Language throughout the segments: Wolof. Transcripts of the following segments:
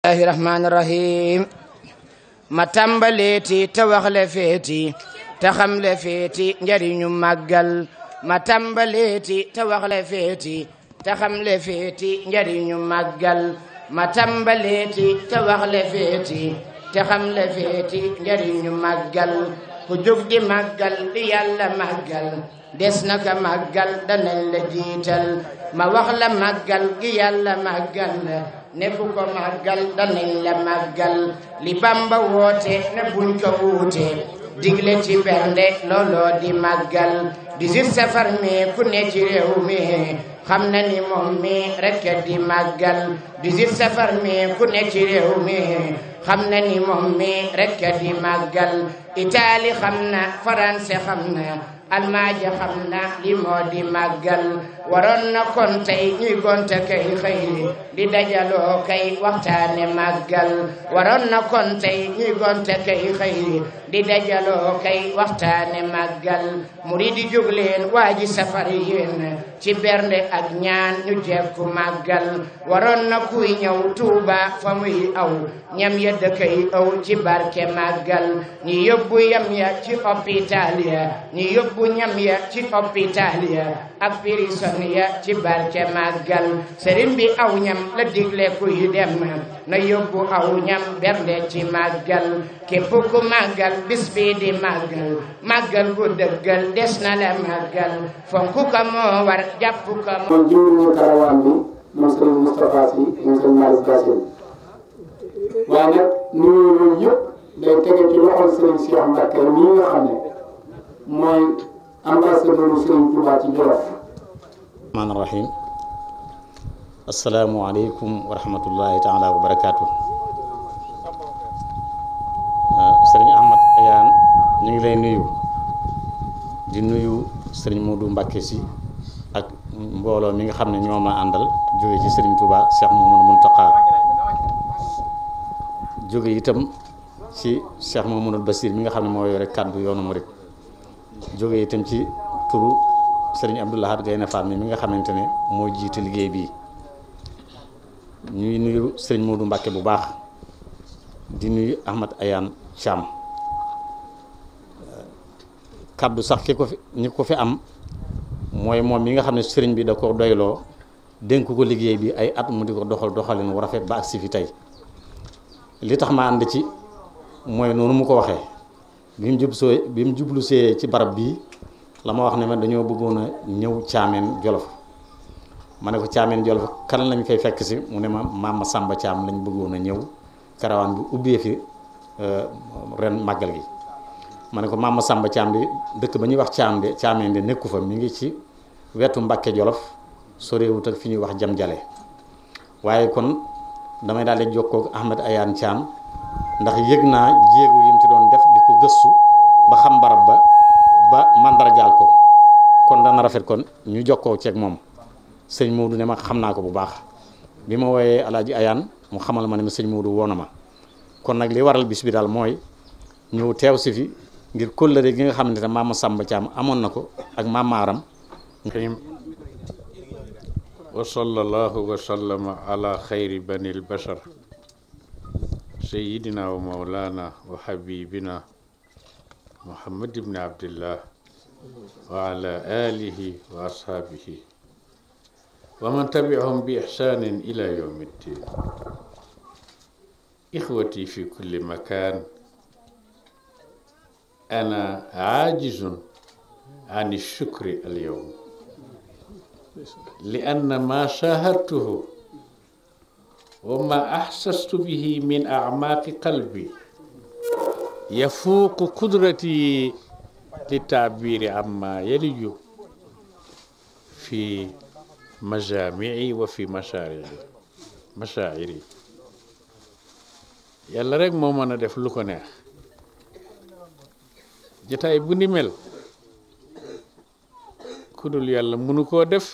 الله الرحمن الرحيم ma tàmbaleeti te wax le feeti te xam le feeti njariñu màggal ma tàmbaleeti te wax le feeti te xam le feeti njariñu màggal ma tàmbaleeti te wax le feeti te xam le feeti njariñu màggal ku jóg di màggal di yàlla màggal des na ka màggal danañ la jiital ma wax la màggal gi yàlla màggal ne fu ko màggal danañ la màggal li bamba woote ne buñ ko digle ci bernde looloo di màggal di sit safar mi ku ne ci réew mi xam na ni moom mi rekk di màggal di sit safar mi ku ne ci réew mi xam na ni moom mi rekk di màggal itaali xam na faranse xam na a xam na li moo di màggal waroon na kon tey ñuy gonte kay xëy di dajaloo kay waxtaane màggal waroon na kon tey ñuy gonte kay xëy di dajaloo kay waxtaane màggal murid yi jóg leen waa ji safar yéen ci bernde ak ñaan ñu jekku màggal waroon na kuy ñëw tuuba fa muy aw ñam ya dëkkay aw ci barke màggal ñi yóbbu yam ya ci hôpital ya ñi yóbbu ñam ya ci hôpital ya ak pirison ya ci barke màggal sëriñ bi aw ñam la digle ku yi dem na yóbbu aw ñam bernde ci màggal képp ku màggal bis bi di màggal bu dëggal des na la màggal fonk ko moo war jàpp ko moom jimriñu karawaan bi moom sëriñ Moustapha Sy moom sëriñ Malick waaye nag nuyoo yooyu yëpp day tege ci loxol sëriñ Cheikh Mbacké mii nga xam ne mooy ambassadeur Sëriñ Tuubaa ci Jolof rahmaan rahim assalaamu aleykum wa uh, sëriñ Ahmad ñu ngi lay nuyu di nuyu sëriñ Moodu Mbàkke si ak mbooloo mi nga xam ne ñoom àndal jóge ci sëriñ Tuubaa Cheikh Mouhamadou Mountakha jóge itam ci Cheikh Mouhamadou Bassir mi nga xam ne moo yore kàddu yoonu murit jógee itam ci turu sëriñ Abdou Lahad Gaïndé Fatma mi nga xamante ne moo jiite liggéey bii ñuy nuyu sëriñ Modou Mbacke bu baax di nuyu Ahmad Ayaan Thiam kaddu sax ki ko fi ñi ko fi am mooy moom yi nga xam ne sëriñ bi da ko doyloo dénk ko liggéey bi ay at mu di ko doxal doxalin wu rafet ba ak si fi tey li tax ma ànd ci mooy noonu mu ko waxee bi mu soo bi mu jublu see ci barab bii la ma wax ne ma dañoo bëggoon a ñëw caameen jolof ma ne ko caameen jolof kan lañ fay fekk si mu ne ma maam Samba Thiam lañ bëggoon a ñëw karawaan bi ubbee fi euh, ren màggal gi ma ne ko maam Samba caam bi dëkk ba ñuy wax caam de caameen bi nekku fa mu ngi ci wetu Mbàkke jolof sorewut ak fi ñuy wax jam jale waaye kon damay daal di jokkoo ak Ahmed Ayaan Thiam ndax yëg naa jéego gëstu ba xam barab ba ba mandargaal ko kon dana rafet kon ñu jokkoo ceeg moom sëñ Moodu ne ma xam naa ko bu baax bi ma wooyee alaaji ayaan mu xamal ma ne ma sëñ Moodu woo ma kon nag li waral bis bi daal mooy ñu teew si fi ngir kóllëre gi nga xam ne ma Samba Thiam amoon na ko ak maamaaram wa sallallahu wa sallama ala xayri banil bashar sayidina wa mawlana wa habibina muhammad ibn abdillah wa ala alihi wa ashaabihi wa man tabiahum bi ihsaanin ila yawmi ddin ixwati fi kulli makaan ana aajizun an shukri al yawm li anna maa shaahartuhu wa maa ahsastu bihi min acmaaqi qalbi yafuuqu qudratii li taabiri amma yaliju fi majaamii wa fi mashaariri mashaa'iri yàlla rek moo mën a def lu ko neex jotaay bu ni ku dul yàlla mënu koo def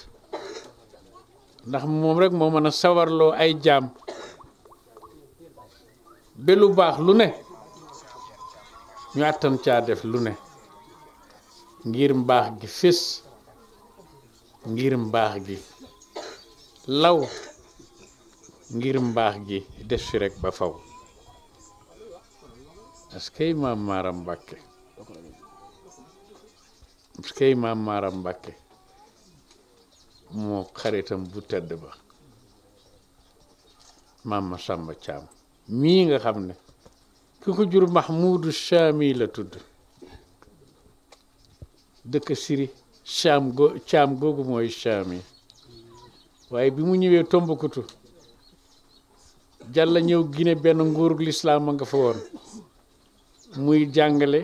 ndax moom rek moo mën a sawarloo ay jaam ba lu baax lu ne ñu àttan caa def lu ne ngir mbaax gi fés ngir mbaax gi law ngir mbaax gi des fi rek ba faw askay maam maaram mbàkke askay maam maaram mbàkke moo xaritam bu tedd ba maam ma sàmba caam mii nga xam ne ki ko jur Mahmudu Chami la tudd dëkk Siri Cham go Cham googu mooy Chami waaye bi mu ñëwee Tombouctou jàll ñëw Guinée benn nguurug lislaam a nga fa woon muy jàngale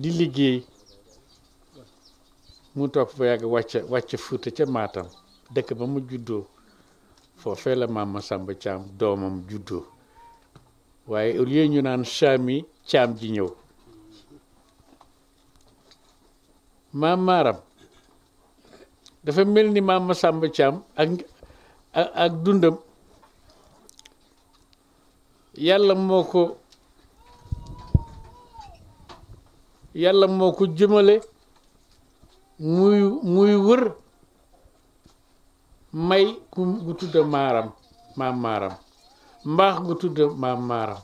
di liggéey mu toog ba yàgg wàcc wàcc Fuuta ca Matam dëkk ba mu juddoo foofee la Maam Masamba Caam doomam juddoo waaye au lieu ñu naan saami caam ji ñëw maam maaram dafa mel ni maam Masamba Caam ak dundam yàlla moo ko yàlla moo ko jëmale muy muy wër may ku tudda maaram maam maaram mbaax gu tudd maam maaram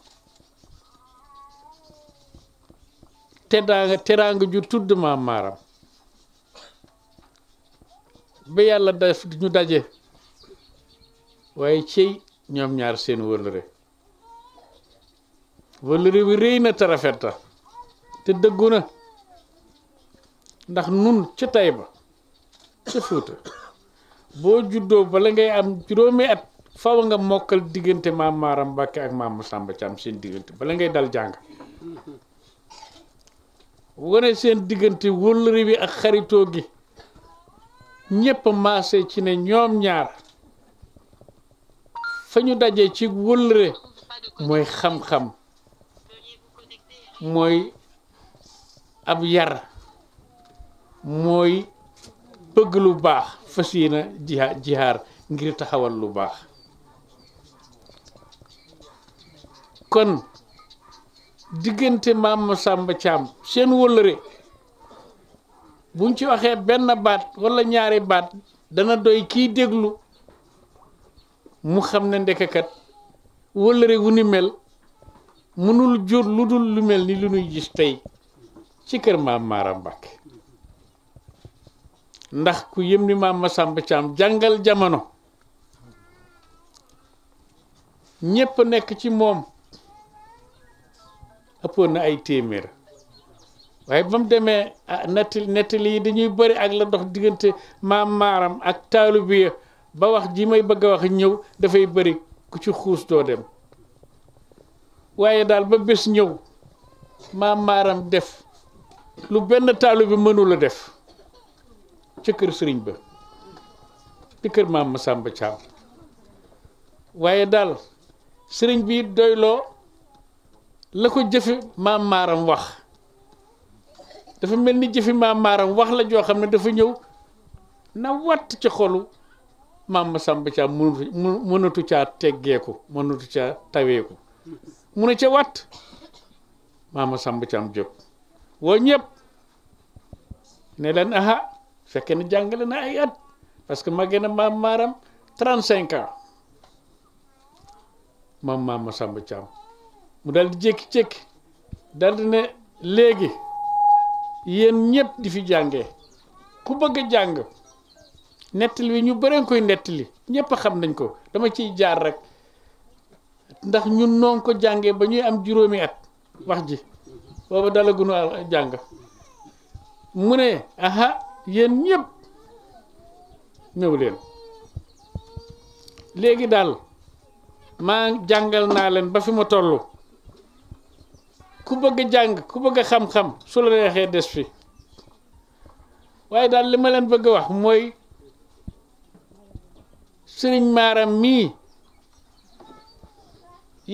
teddaanga teraanga ju tudd maam maaram ba yàlla def ñu daje waaye cey ñoom ñaar seen wëllëre wëllëre bi rëy na te rafet na te dëggu na ndax nun ca Tayba ca Fuuta boo juddoo bala ngay am juróomi at faw nga mokkal diggante maam Maaram Mbàkke ak maam Masamba Caam seen diggante bala ngay dal jàng wane seen diggante wëllëre bi ak xaritoo gi ñépp maase ci ne ñoom ñaar fa ñu dajee ci wëllëre mooy xam-xam mooy ab yar mooy bëgg lu baax fas yéene jihaar ngir taxawal lu baax kon diggante maam Masamba Thiam seen wëllëre buñ ci waxee benn baat walla ñaari baat dana doy kiy déglu mu xam ne ndekkat wëllëre wu ni mel mënul jur lu dul lu mel ni lu ñuy gis tey ci kër maam Maara Mbàkke ndax ku yëm ni maam Masamba Thiam jàngal jamono ñépp nekk ci moom ëppoon na ay téeméer waaye ba mu demee ah, nettali nettali yi dañuy bëri ak la dox diggante maam maaram ak taalu bi ba wax ji may bëgg a wax ñëw dafay bari ku ci xuus doo dem waaye daal ba bés ñëw maam maaram def lu benn taalu bi mënula def ci kër sëriñ ba ci kër maam Masamba Caam waaye daal sëriñ bi doyloo la ko jëfi maam maaram wax dafa mel ni jëfi maam maaram wax la joo xam ne dafa ñëw na wat ci xolu maam Masamba caa mënatu caa teggeeku mënatu caa taweeku mu ne ca watt maam Masamba caa am jóg woo ñëpp ne leen aha fekk na jàngale na ay at parce que màggee na maam maaram 35 ans moom maam Masamba Thiam mu daal jékki-jékki daal ne léegi yéen ñëpp di fi jànge ku bëgg a jàng nettali wi ñu bëreen koy nettali ñëpp xam nañ ko dama ciy jaar rek ndax ñun noon ko jànge ba ñuy am juróomi at wax ji booba dalagunu jàng mu ne aha yéen ñëpp ñëw leen léegi daal maa jàngal naa leen ba fi ma toll ku bëgg a jàng ku bëgg a xam-xam su la neexee des fi waaye daal li ma leen bëgg a wax mooy sëriñ maaram mii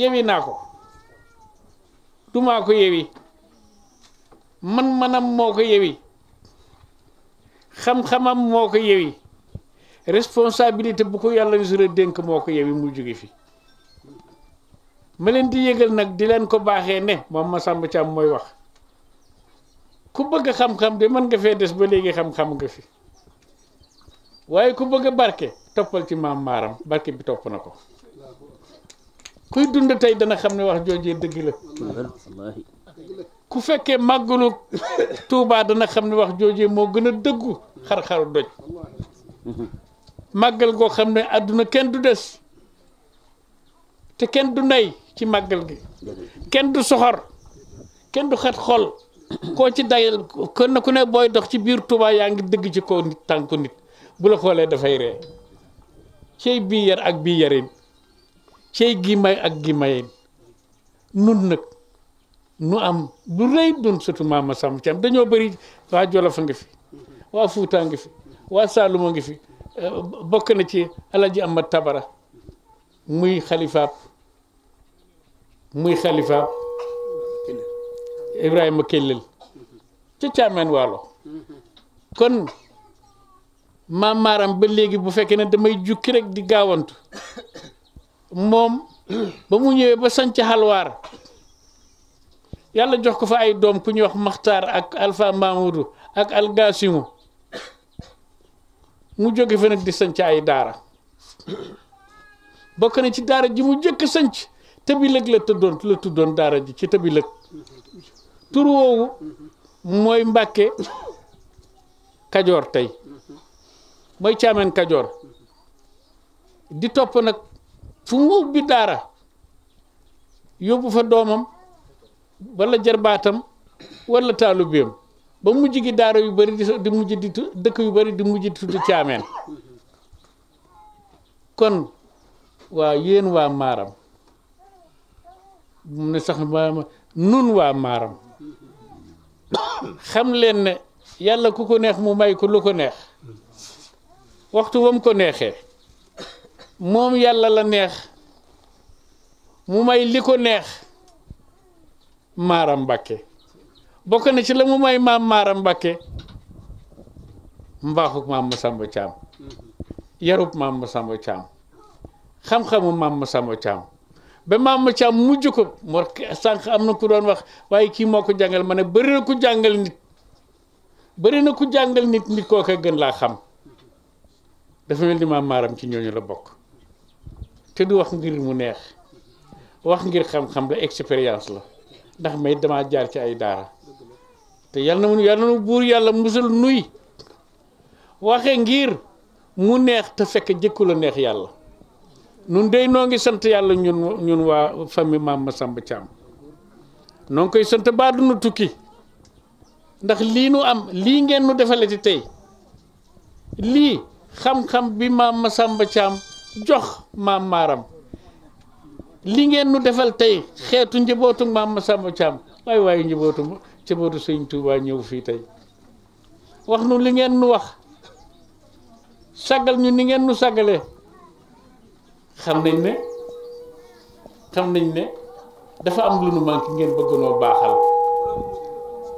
yewi naa ko dumaa ko yewi man-manam moo ko yewi xam-xamam moo ko yewi responsabilité bu ko yàlla misura dénk moo ko yewi mu jóge fi ma leen di yëgal nag di leen ko baaxee ne moom Massamba Thiam mooy wax ku bëgg xam-xam de mën nga fee des ba léegi xam-xam nga fi waaye ku bëgg a barke toppal ci maam maaram barke bi topp na ko kuy dund tey dana xam ne wax joojee dëgg la ku fekkee màggalu Tuubaa dana xam ne wax joojee moo gën a dëggu xar-xaru doj màggal goo xam ne àdduna kenn du des te kenn du nay ci màggal gi kenn du soxor kenn du xet xol koo ci dayal kon na ku ne booy dox ci biir Touba yaa ngi dëgg ci kaw nit tànku nit bu la xoolee dafay ree cey bii yar ak bii yareen cey gi may ak gi mayeen nun nag nu am lu rëy dun surtout maama sàmm ci am dañoo bëri waa Jolof a ngi fi waa Fuuta ngi fi waa Saaluma ngi fi eh, bokk na ci alaji Amat Tabara muy xalifaab muy xalifa Ibrahima Kellel ci Caameen Waalo kon maam maaram ba léegi bu fekkee ne damay jukki rekk di gaawantu moom ba mu ñëwee ba sañc xalwaar yàlla jox ko fa ay doom ku ñuy wax maxtaar ak alfa mamudu ak algasimu mu jóge fa nag di sanc ay daara bokk na ci daara ji mu jëkk sanc tëbilëg la tëddoon la tuddoon daara ji ci tëbilëg tur woowu mooy mbàkke kajoor tey mooy caameen kajoor di topp nag fu mu ubbi daara yóbbu fa doomam wala jarbaatam wala taalubeem ba mujj gi daara yu bari di mujj di dëkk yu bari di mujj di tudd caameen kon waa yéen waa maaram mu ne sax ma nun waa maaram xam leen ne yàlla ku ko neex mu may ko lu ko neex waxtu wam ko neexee moom yàlla la neex mu may li ko neex maaram mbàkke bokk na ci la mu may maam maaram mbàkke mbaaxuk maam Masamba Caam yarub maam Masamba Caam xam-xamu maam Masamba Caam ba maam ma am mujj ko moo sànq am na ku doon wax waaye kii moo ko jàngal ma ne bari na ku jàngal nit bëri na ku jàngal nit nit koo gën laa xam dafa mel ni maam maaram ci ñooñu la bokk te du wax ngir mu neex wax ngir xam-xam la expérience la ndax may damaa jaar ci ay daara te yal na mu yal na buur yàlla musul nuy waxe ngir mu neex te fekk jëkku la neex yàlla nun dey noo ngi sant yàlla ñun ñun waa famille maam Masamba Thiam noo ngi koy sant baa duna tukki ndax lii nu am lii ngeen nu defale ci tey lii xam-xam bi maam Masamba Thiam jox maam maaram li ngeen nu defal tey xeetu njabootu maam Masamba Thiam waaye waaye njëbootu njabootu njabootu sëñ Touba ñëw fii tey wax nu li ngeen nu wax sagal ñu ni ngeen nu sagalee xam nañ ne xam nañ ne dafa am lu nu manqué ngeen bëgg noo baaxal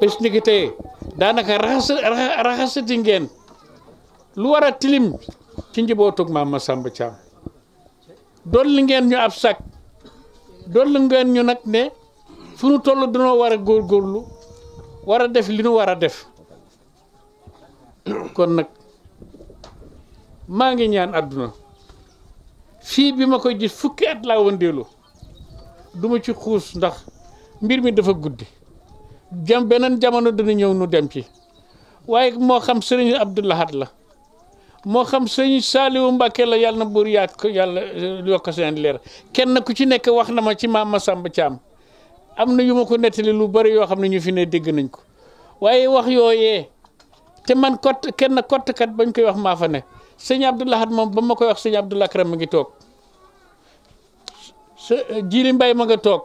bés ni tey daanaka raxas raxasati ngeen lu war a tilim ci njabootug maam Masamba Thiam li ngeen ñu ab sag dolli ngeen ñu nag ne fu nu toll danoo war a góor góorlu war a def li nu war a def kon nag maa ngi ñaan àdduna fii bi ma koy gis fukki at laa wëndeelu du ma ci xuus ndax mbir mi dafa guddi jam beneen jamono dana ñëw nu dem ci waaye moo xam sëriñ Abdou Lahad la moo xam sëriñ Saliou Mbacke la yàlla na buur yaat ko yàlla euh, yokk leer kenn ku ci nekk wax na ma ci maam Masamba Thiam am na yu ma ko nettali lu bari yoo xam ne ñu fi ne dégg nañ ko waaye wax yooyee te man kott kenn kottkat bañ koy wax maa fa ne sëñ Abdou moom ba ma koy wax sëñ Abdou Lakram mi ngi toog Mbay ma nga toog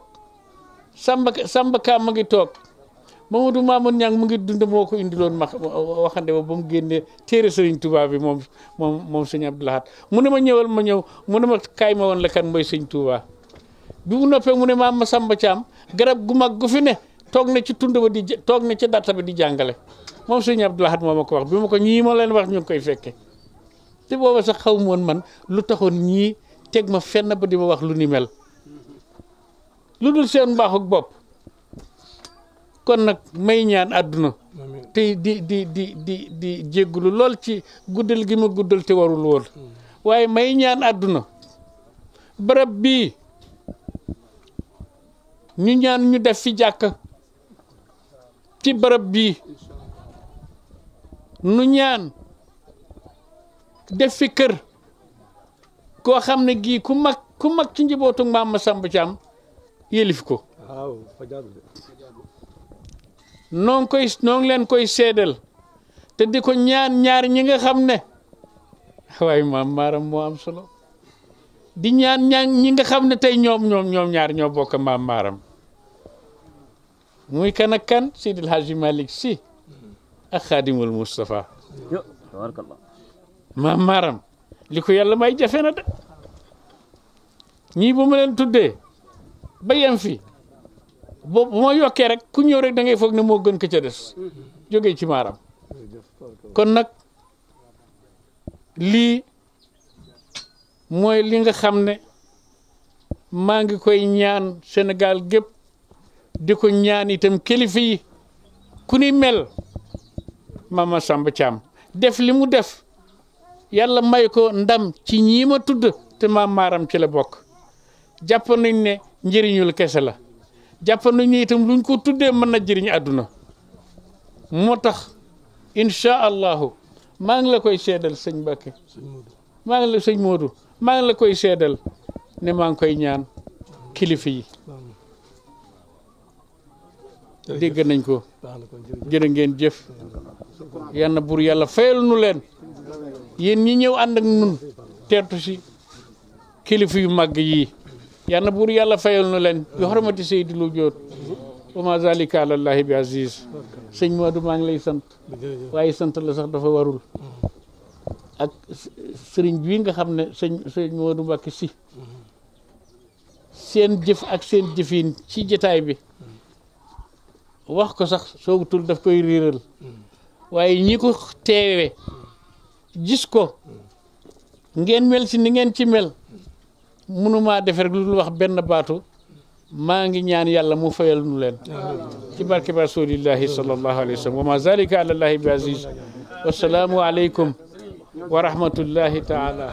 Samba Samba ma ngi toog Mamadou Mamoun Niang mu ngi dund moo ko indiloon ma waxande ba mu génnee téere sëriñ Touba bi moom moom moom sëñ Abdou Lahad mu ne ma ñëwal ma ñëw mu ne ma kaay ma woon la kan mooy sëñ Touba bi mu noppee mu ne maam ma Samba Thiam garab gu mag gu fi ne toog na ci tund ba di toog na ci datta bi di jàngale moom sëñ Abdou Lahad moo ma ko wax bi ma ko ñii ma leen wax ñu ngi koy fekkee. te booba sax xaw moon man lu taxoon ñii teg ma fenn ba di ma wax lu ni mel lu dul seen mbaaxuk bopp kon nag may ñaan àdduna te di di di di di jéggulu lool ci guddal gi ma guddal te warul woon waaye may ñaan àdduna bërëb bii ñu ñaan ñu def fi jàkk ci bërëb bii nu ñaan def fi kër koo xam ne gii ku mag ku mag ci njibootu maam ma Samba yëlif ko noo leen koy seedal te di ko ñaan ñaar ñi nga xam ne waaye maam maaram moo am solo di ñaan ñaan ñi nga xam ne tey ñoom ñoom ñoom ñaar ñoo bokk maam muy kan kan Seydil Hadji Malick Sy ak Xaadimul Moustapha maam maaram li ko yàlla may jafe na de ñii bu ma leen tuddee ba yem fi boo bu ma yokkee rek ku ñëw rek da ngay foog ne moo gën ko ca des jógee ci maaram kon nag lii mooy li nga xam ne maa ngi koy ñaan Sénégal gépp di ko ñaan itam kilifa ku ni mel Mama samb Thiam def li mu def yàlla may ko ndam ci ñii ma tudd te maam maaram ci la bokk jàpp nañ ne njëriñul kese la jàpp nañ ne itam luñ ko tuddee mën na jëriñ àdduna moo tax incha allahu maa ngi la koy seedal sëñ Mbacke maa ngi la sëñ maa ngi la koy seedal ne maa ngi koy ñaan kilifa yi dégg nañ ko jërë ngeen jëf yal na buur yàlla fayal nu leen yéen ñi ñëw ànd ak nun teertu si kilifa yu màgg yii yàlla buur yàlla fayal nu leen bi xormati Seydi Lu Joot wa ma zalika bi aziz sëñ Modou maa ngi lay sant waaye sant la sax dafa warul ak sëriñ bi nga xam ne sëñ sëñ Modou Mbacke si seen jëf ak seen jëfin ci jataay bi wax ko sax soogutul daf koy riiral mm. waaye ñi ko teewe gis ko ngeen mel si ni ngeen ci mel mënumaa def rek lu dul wax benn baatu maa ngi ñaan yàlla mu fayal nu leen ci barke ba rasulillahi sallallahu alayhi wa sallam wa ma zalika ala be bi aziz wasalaamu aleykum wa rahmatullahi taala